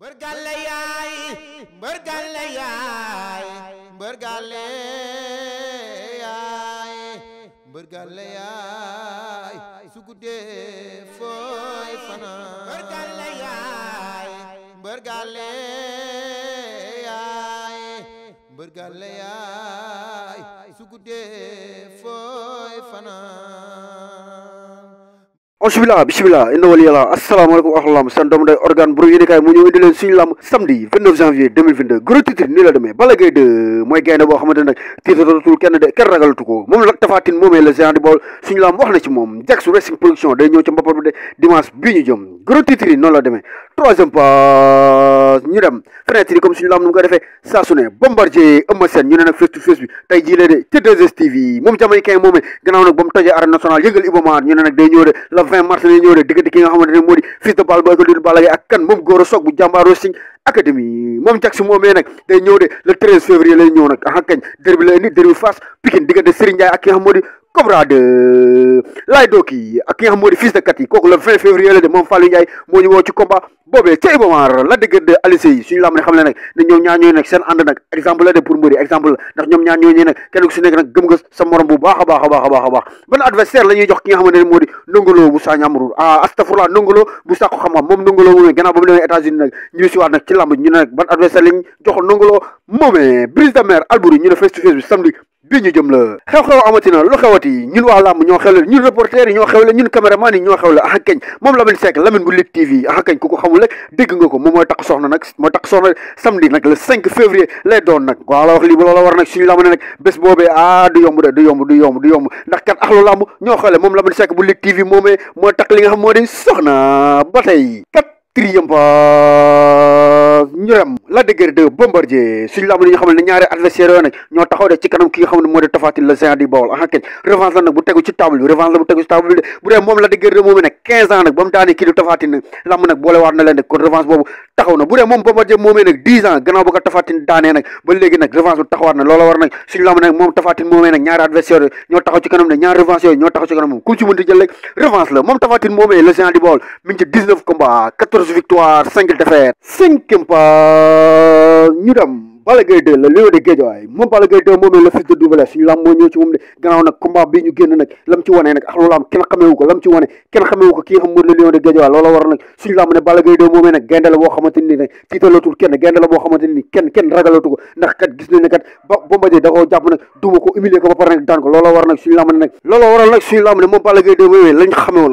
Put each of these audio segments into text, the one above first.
mbër gàlle yaay yaay mbër gàlle yaay yaay su guddee fooy yaay mbër gàlle yaay mbër fanaan bismillah bismillah inna waliyallah asalaamaaleykum wa rahmatulah seen doomu day organe bu yéenekaay mu ñëw indi leen suñu lamb samedi 29 janvier 2022 nii la demee Balla Gaye 2 mooy gaynde boo xamante ne tiitaratul kenn de kenn ragalatu ko moom nag Tapha Tine moomee la géant di wax na ci moom Jax Wrestling Production day ñëw ca mbapat de dimanche bii jëm gros titres yi noonu la demee troisième passe ñu dem fenêtre yi comme suñu lam nu mu ko defee saa su ne bombardier ñu ne nag face to face bi tey jii lee de ci 2STV moom jamaïcain moomee gannaaw nag ba mu tojee arène nationale yëngal Ibomar ñu ne nag day ñëw de le 20 mars lay ñëw de diggante ki nga xamante ne moo di fils de Balla Boy ko dul kan moom góor a bu jàmbaaroo signe académie moom jax si nag day ñëw de le 13 février lay ñëw nag aha kañ derbi la indi Cobra 2 Laye Doki ak ki nga xam moo de Kati kooku le 20 février la de moom Fallou Ndiaye moo ñu woo ci combat boobee ca Iba la dëgg de Alice yi suñu lam ne xam ne nag ne ñoom ñaar ñooy seen ànd nag exemple la de pour mbëri exemple ndax ñoom ñaar ñooñu nag kenn ku si nag gëm sa morom bu baax a baax a baax a baax a baax ban adversaire la ñuy jox ki nga xamante ne moo ah, ba mu demee États-Unis nag ñu si waat nag ci de bi ñu jëm la xew-xew amatina lu xewati ñun wax làmb ñoo xewle ñun reporter yi ñoo xewle ñun caméraman yi ñoo xewle ah kañ ah kañ moom mooy takk soxna nag nag le 5 février lay doon nag waaw la wax lii bu loola war nag suñu làmb ne nag bés boobee ah du yomb de du yomb du yomb du yomb ndax kat axlu làmb ñoo xewle moom Lamine Seck bu Lutte TV moomee mooy takk li nga xam moo di soxna ba tey triomphe ñorem la dëgër de bombardier suñu lamb ñu xamal ne ñaari adversaire yoo nag ñoo taxaw de ci ki nga ne moo tofaatin la géant du Baol aha kañ revanche la nag bu tegu ci bi revanche la bu tegu ci bi de bu dee moom la dëgër de moom nag 15 ans nag ba mu daanee kii tofaatin nag lamb nag boole waat na leen kon revanche boobu taxaw na bu dee moom Bombardier moomee nag dix ans gannaaw ba ko tafatin daanee nag ba léegi nag revanche bu taxawaat na loola war nag suñu lamb nag moom tafatin moomee nag ñaari adversaire ñoo taxaw ci kanam ne ñaari revanche ñoo taxaw ci kanam moom ku ci mënti jël rek revanche la moom tafatin moomee le géant du Baol mi ngi dix neuf combats quatorze victoires cinq défaites cinquième pas ñu dem Balla Gaye 2 le lion de Guédiawaye moom Balla Gaye 2 moom le fils de Double Less suñu lam moo moomee nag gaynde la boo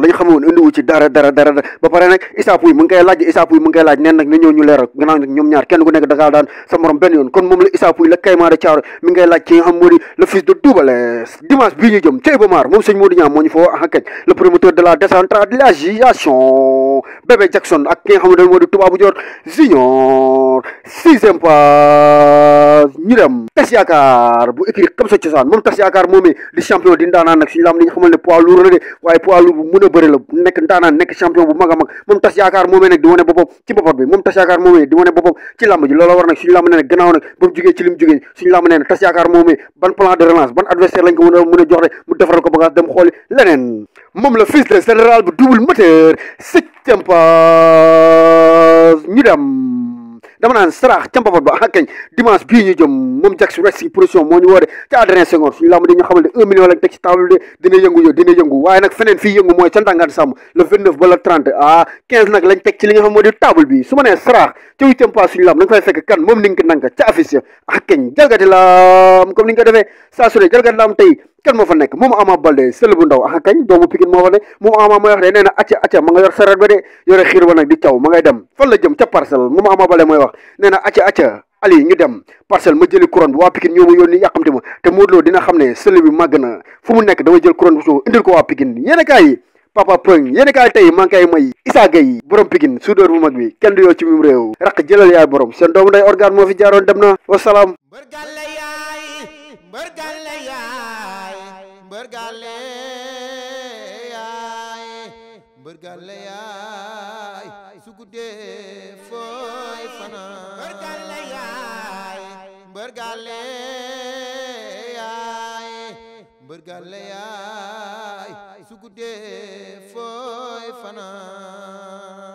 xamante dara dara dara ba pare nag Issa Pouye laaj Issa Pouye mu laaj neen nag na ñëw ñu leeral gannaaw ñoom ñaar kenn ku nekk da daan sa benn kon moom la Issa Pouye la Kayma de Thiaroye mi ngay laaj ci nga xam le fils de Double Less dimanche bii ñu jëm ca Iba Mar moom sëñ Modou Niang moo ñu fa woo ah kañ le promoteur de la décentralisation bébé Jackson ak ki nga xamante ne tubaabu joor junior sixième pas ñu tas yaakaar bu écrit xam sa cosaan moom tas yaakaar moomee di champion di ndaanaan nag suñu laam li nga xamal ne poids lourd la de waaye poids lourd bu mën a bëri la nekk ndaanaan nekk champion bu mag a mag moom tas yaakaar moomee nag di wane boppam ci boppam bi moom tas yaakaar moomee di wane boppam ci làmb ji loola war nag nag gannaaw nag ci li mu jugee suñu làmb tas yaakaar moom la fils de général bu double moteur septième pas ñu dem dama naan sarax ca mbapat ba ah kañ dimanche bii ñu jëm moom Jax Rex si moo ñu woore ca Adrien Senghor suñu làmb di ñu xamal ne un million lañ teg ci table de dina yëngu yëngu waaye nag feneen fii yëngu mooy ca Ndangaan Sàmm le vingt neuf ba trente ah quinze nag lañ teg li nga xam moo table bi su ma nee sarax ca huitième pas suñu làmb da fay fekk kan moom ni nga ko nanka ca affiche ah kañ jalgati ni nga ko defee saa tey kenn moo fa nekk moom Ama Baldé sël bu ndaw ak kañ doomu Pikine moo fa nekk moom Ama mooy wax de nee na acca acca ma nga yor saret ba de yore xiir ba nag di caw ma ngay dem fan la jëm ca parcelle moom Ama Baldé mooy wax nee acca acca ali ñu dem parcelle ma jëli couronne bi waa Pikine ñoo ma yónni ma te Modou Lo dina xam ne sël bi na fu mu nekk dama jël couronne bi soo indil ko waa Pikine yéen a papa prong yéen a tey maa ngi may Issa Gueye borom mbërgale yaay mbërgale yaay su guddee fooy yaay mbërgale yaay fanaan